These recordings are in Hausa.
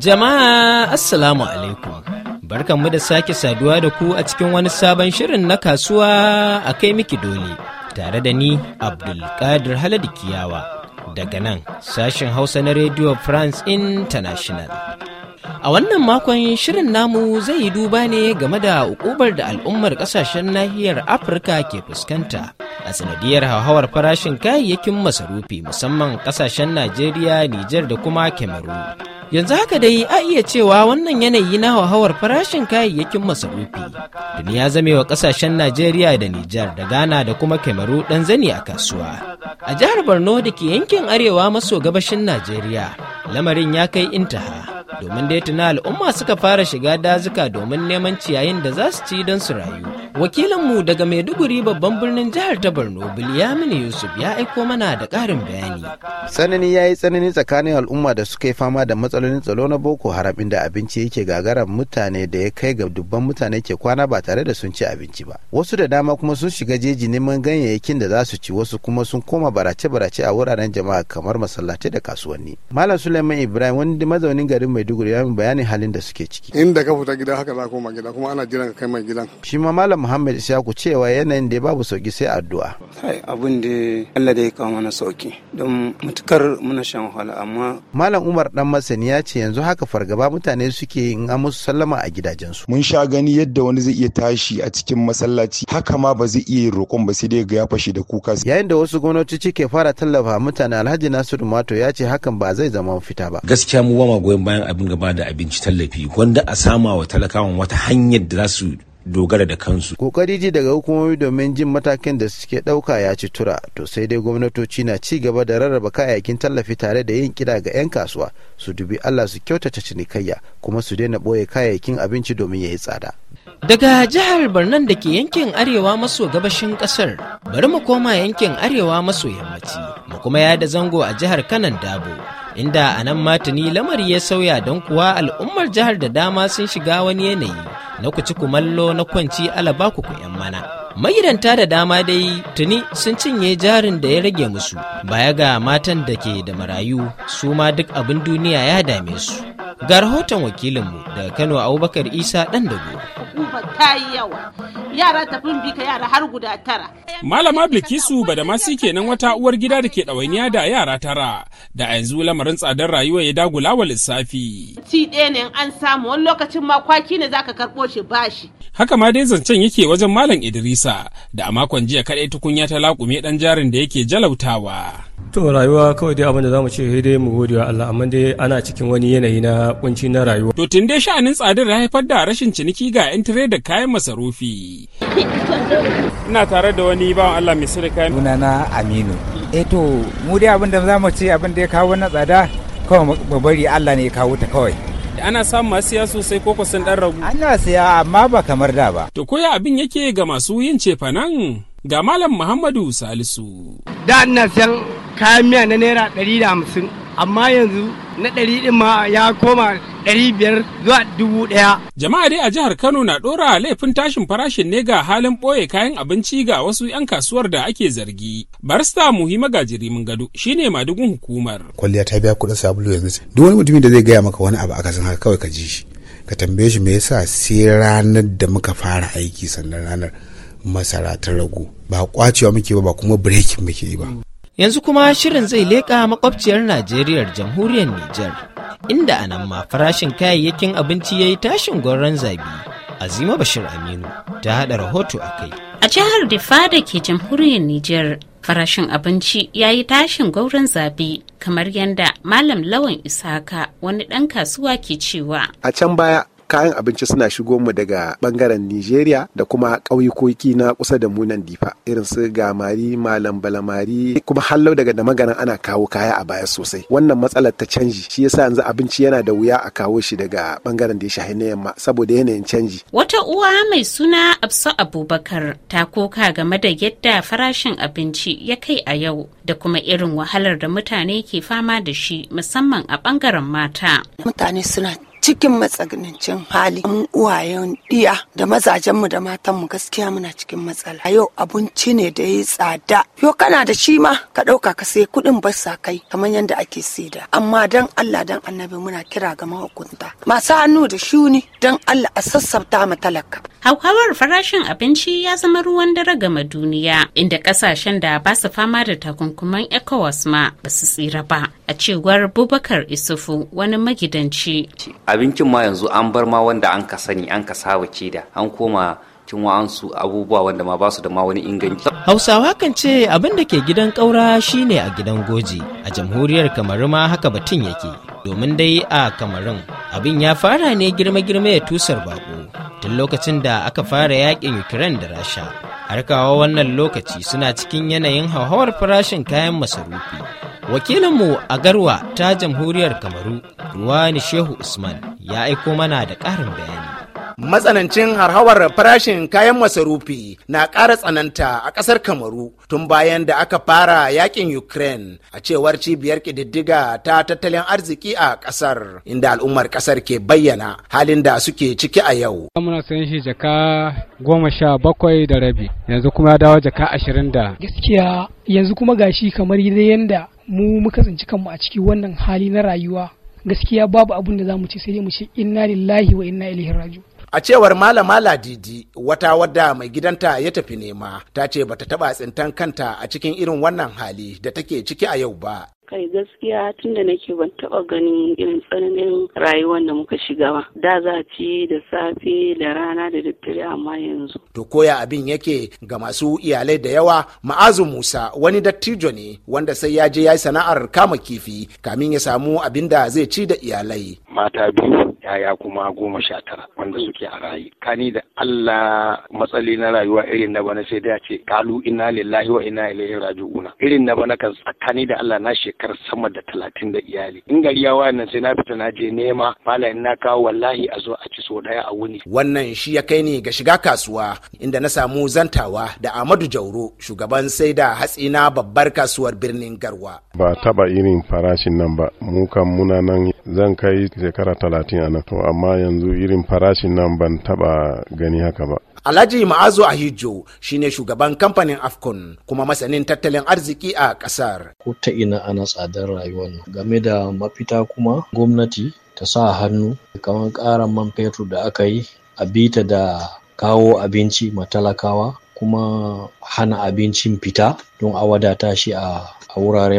Jama'a Assalamu alaikum. Barkanmu da sake saduwa da ku a cikin wani sabon shirin na kasuwa a kai miki dole tare da ni Abdulkadir Haladu Kiyawa daga nan sashen Hausa na Radio France International. A wannan makon shirin namu zai yi duba ne game da ukubar da al'ummar kasashen nahiyar Afirka ke fuskanta a sanadiyar hauhawar farashin kayayyakin masarufi musamman kasashen najeriya nijar da kuma cameroon yanzu haka dai a iya cewa wannan yanayi na hauhawar farashin kayayyakin masarufi Duniya ya zame wa kasashen najeriya da nijar da ghana da kuma Kemaru dan zani a kasuwa a jihar borno da ke yankin arewa maso gabashin najeriya lamarin ya kai intaha domin da ya tuna al'umma suka fara shiga dazuka domin neman ciyayin da za su ci don su rayu wakilinmu daga maiduguri babban birnin jihar ta borno bilyamin yusuf ya aiko mana da ƙarin bayani tsanani ya yi tsanani tsakanin al'umma da suka yi fama da matsalolin tsaro na boko haram inda abinci yake gagarar mutane da ya kai ga dubban mutane ke kwana ba tare da sun ci abinci ba wasu da dama kuma sun shiga jeji neman ganyayyakin da za su ci wasu kuma sun koma barace-barace a wuraren jama'a kamar masallatai da kasuwanni malam suleiman ibrahim wani mazaunin garin maiduguri ya bayanin halin da suke ciki inda ka fita gida haka za koma gida kuma ana jiran ka kai mai gidan shi ma malam Muhammad Ishaku cewa yanayin da babu sauki sai addu'a. Hai abin da Allah da kawo mana sauki don mutukar muna shan wahala amma. Malam Umar dan masani ya ce yanzu haka fargaba mutane suke yin an musu sallama a gidajensu. Mun sha gani yadda wani zai iya tashi a cikin masallaci haka ma ba zai iya yin roƙon ba sai dai ga ya fashe da kuka. Yayin da wasu gwamnati ke fara tallafa mutane Alhaji Nasiru Mato ya ce hakan ba zai zama fita ba. Gaskiya mu ba ma goyon bayan abin gaba da abinci tallafi wanda a sama wa talakawan wata hanyar da za su dogara da kansu. Kokari ji daga hukumomi domin jin matakin da suke ɗauka ya ci tura, to sai dai gwamnatoci na ci gaba da rarraba kayayyakin tallafi tare da yin kira ga 'yan kasuwa su dubi Allah su kyautata cinikayya kuma su daina ɓoye kayayyakin abinci domin ya yi tsada. Daga jihar Barnan da ke yankin arewa maso gabashin ƙasar, bari mu koma yankin arewa maso yammaci, mu kuma ya da zango a jihar Kanan Dabo. Inda a nan matani lamari ya sauya don kuwa al'ummar jihar da dama sun shiga wani yanayi na ku ci kumallo na kwanci alaba ku yan mana. Magidanta da dama dai tuni sun cinye jarin da ya rage musu, baya ga matan da ke da marayu su ma duk abin duniya ya dame su. Ga rahoton wakilinmu daga Kano Abubakar Isa ɗan dago. ta yi yawa yara tafin bika yara har guda tara malama bilkisu ba da badamasi kenan wata uwar gida da ke ɗawainiya da yara tara da a yanzu lamarin tsadar rayuwa ya dagula wa lissafi ci ɗaya ne an samu wani lokacin ma kwaki ne zaka karɓo shi bashi haka ma dai zancen yake wajen malam idrisa da a makon jiya kaɗai tukunya ta laƙume ɗan jarin da yake jalautawa to rayuwa kawai dai abinda zamu ce sai dai mu gode wa Allah amma dai ana cikin wani yanayi na kunci na rayuwa to tun dai sha'anin tsadar ya haifar da rashin ciniki ga yan tare da kayan masarufi ina tare da wani bawan Allah mai sirri kayan na Aminu eh to mu dai abinda zamu ce abinda ya kawo wannan tsada kawai mu bari Allah ne ya kawo ta kawai ana samun masu siya sosai ko sun dan ragu. Ana siya amma ba kamar da ba. To koya abin yake ga masu yin cefanan? ga malam muhammadu salisu da ina san kayan miya na naira ɗari da hamsin amma yanzu na ɗari ɗin ma ya koma ɗari biyar zuwa dubu ɗaya. jama'a dai a jihar kano na ɗora laifin tashin farashin ne ga halin ɓoye kayan abinci ga wasu 'yan kasuwar da ake zargi barista muhimma gajiri mun gado shine madugun hukumar kwalliya ta biya kuɗin sabulu yanzu duk wani mutumin da zai gaya maka wani abu akasin haka kawai ka ji shi ka tambaye shi me yasa sai ranar da muka fara aiki sannan ranar masara ta ragu ba kwacewa muke ba ba kuma breaking muke yi ba yanzu kuma shirin zai leƙa makwabciyar najeriya jamhuriyar Nijar, inda a nan ma farashin kayayyakin abinci ya yi tashin gwauron zabi azima bashir aminu ta haɗa rahoto a kai a jihar difa da ke jamhuriyar Nijar, farashin abinci ya yi tashin gwauron zabe kamar yadda malam lawan isaka wani ɗan kasuwa ke cewa a can baya kayan abinci suna shigo mu daga bangaren Nigeria da kuma ƙauyukoki na kusa da munan difa irin su gamari malam balamari kuma hallau daga dama magaran ana kawo kaya a baya sosai wannan matsalar ta canji shi yasa yanzu abinci yana da wuya a kawo shi daga bangaren da ya shahi na yamma saboda yanayin canji wata uwa mai suna Absa Abubakar ta koka game da yadda farashin abinci ya kai a yau da kuma irin wahalar da mutane ke fama da shi musamman a bangaren mata mutane suna cikin matsanancin hali mun uwayen iya da mazajenmu da matanmu gaskiya muna cikin matsala a yau abinci ne da ya tsada yo kana da shi ma ka ɗauka ka sai kuɗin bar sa kai kamar yadda ake saida amma dan Allah dan annabi muna kira ga mahukunta masu hannu da shuni dan Allah a sassabta mu talaka hauhawar farashin abinci ya zama ruwan dare gama duniya inda kasashen da ba su fama da takunkuman ECOWAS ma ba su tsira ba a cewar Bubakar Isufu wani magidanci abincin ma yanzu an bar ma wanda an ka sani an ka saba ce da an koma cin wa'ansu abubuwa wanda ma ba su da ma wani inganci. Hausawa kan ce abin da ke gidan ƙaura shine a gidan goji a jamhuriyar kamaru ma haka batun yake domin dai a kamarun abin ya fara ne girma-girma ya tusar bako tun lokacin da aka fara yakin ukraine da rasha har kawo wannan lokaci suna cikin yanayin hauhawar farashin kayan masarufi wakilinmu a garwa ta jamhuriyar kamaru Ruwani Shehu Usman ya aiko mana da ƙarin bayani. Matsanancin harhawar farashin kayan masarufi na ƙara tsananta a ƙasar Kamaru tun bayan da aka fara yakin Ukraine a cewar cibiyar ƙididdiga ta tattalin arziki a ƙasar inda al'ummar ƙasar ke bayyana halin da suke ciki a yau. Muna sayan shi jaka goma sha bakwai da rabi yanzu kuma ya dawo jaka ashirin da. Gaskiya yanzu kuma gashi kamar yadda mu muka tsinci kanmu a ciki wannan hali na rayuwa gaskiya babu abun da za mu ci sai mu ci, inna lillahi wa inna ilaihi a cewar malama ladidi wata wadda mai gidanta ya tafi nema ta ce bata taba tsintan kanta a cikin irin wannan hali da take ciki a yau ba kai gaskiya tun da nake ban taba ganin irin tsananin rayuwar da muka shiga ba da za ci da safe da rana da daddare amma yanzu to koya abin yake ga masu iyalai da yawa ma'azu musa wani dattijo ne wanda sai ya je ya yi sana'ar kama kifi kamin ya samu abin da zai ci da iyalai mata biyu yaya kuma goma sha tara wanda suke a rayu kani da Allah matsali na rayuwa irin na bana sai da ce kalu inna lillahi wa inna ilaihi raji'una irin na bana kan tsakani da Allah na shekar sama da talatin da iyali in gari ya wayan sai na fita na je nema in na kawo wallahi a zo a ci so daya a wuni wannan shi ya kai ni ga shiga kasuwa inda na samu zantawa da Ahmadu Jauro shugaban sai da hatsi na babbar kasuwar birnin Garwa ba taba irin farashin nan ba mu kan muna nan zan kai shekara talatin a nan to amma yanzu irin farashin nan ban taba gani haka ba Alhaji Ma'azu Ahijo shine shugaban kamfanin Afcon kuma masanin tattalin arziki a kasar. Ko ta ina ana tsadar rayuwar game da mafita kuma gwamnati ta sa hannu kamar ƙaran man fetur da aka yi a bita da kawo abinci ma talakawa, kuma hana abincin fita don a wadata shi a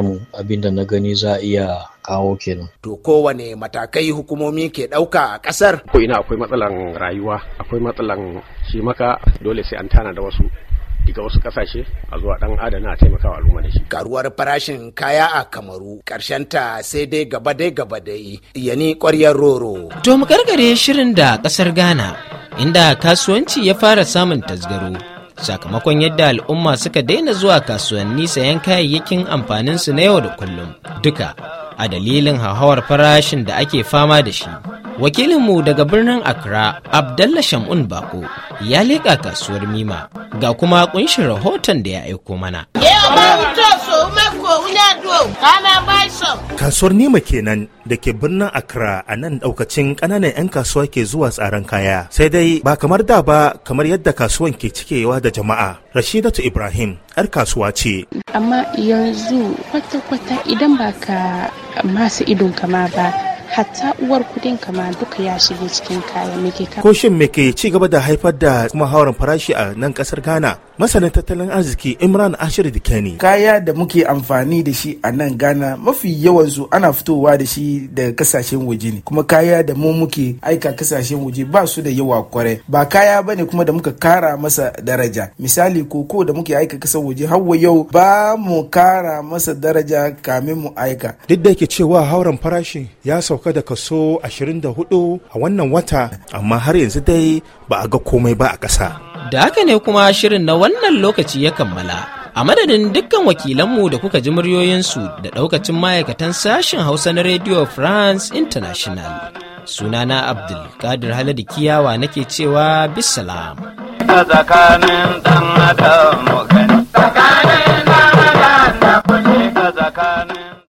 mu abinda na gani za a iya kawo kenan. To kowane matakai hukumomi ke ɗauka a ƙasar? Ko ina akwai matsalan rayuwa, akwai matsalan shi maka dole sai an tana da wasu daga wasu kasashe a zuwa dan adana a taimakawa al'umma da shi. Karuwar farashin kaya a Kamaru ta sai dai gaba dai gaba dai yani ƙwaryar roro. To mu gargare shirin da ƙasar Ghana inda kasuwanci ya fara samun tasgaro sakamakon yadda al'umma suka daina zuwa kasuwanni sayan kayayyakin amfaninsu na yau da kullum duka a dalilin hauhawar farashin da ake fama da shi. Wakilinmu daga birnin Accra, Abdallah Shamun Bako, ya leƙa kasuwar Mima ga kuma kunshin rahoton da ya aiko mana. Yau ba Kasuwar Nima kenan da ke birnin Accra a nan daukacin ƙananan 'yan kasuwa ke zuwa tsaron kaya. Sai dai ba kamar da ba kamar yadda kasuwan ke cikewa da jama'a. Rashidatu Ibrahim 'yar kasuwa ce. Amma yanzu kwata-kwata idan ba ka masu idon kama ba hatta uwar kudin kama duka ya shige cikin kayan meke ko shin me ke ci gaba da haifar da kuma hauren farashi a nan kasar Ghana masanin tattalin arziki imran ashir dikani kaya da muke amfani da shi a nan ghana mafi yawansu ana fitowa da shi daga kasashen waje ne kuma kaya da mu muke aika kasashen waje ba su da yawa kware ba kaya bane kuma da muka kara masa daraja misali koko da muke aika kasar waje hawa yau ba mu kara masa daraja kamin mu aika duk da yake cewa hauren farashi ya sauka da kaso 24 a wannan wata amma har yanzu dai ba a ga komai ba a ƙasa Da haka ne kuma shirin na wannan lokaci ya kammala. A madadin dukkan wakilanmu da kuka ji muryoyinsu da ɗaukacin ma'aikatan sashen Hausa na Radio France International. Sunana Abdul Kadir Haladu Kiyawa nake cewa bisalam. Tsakanin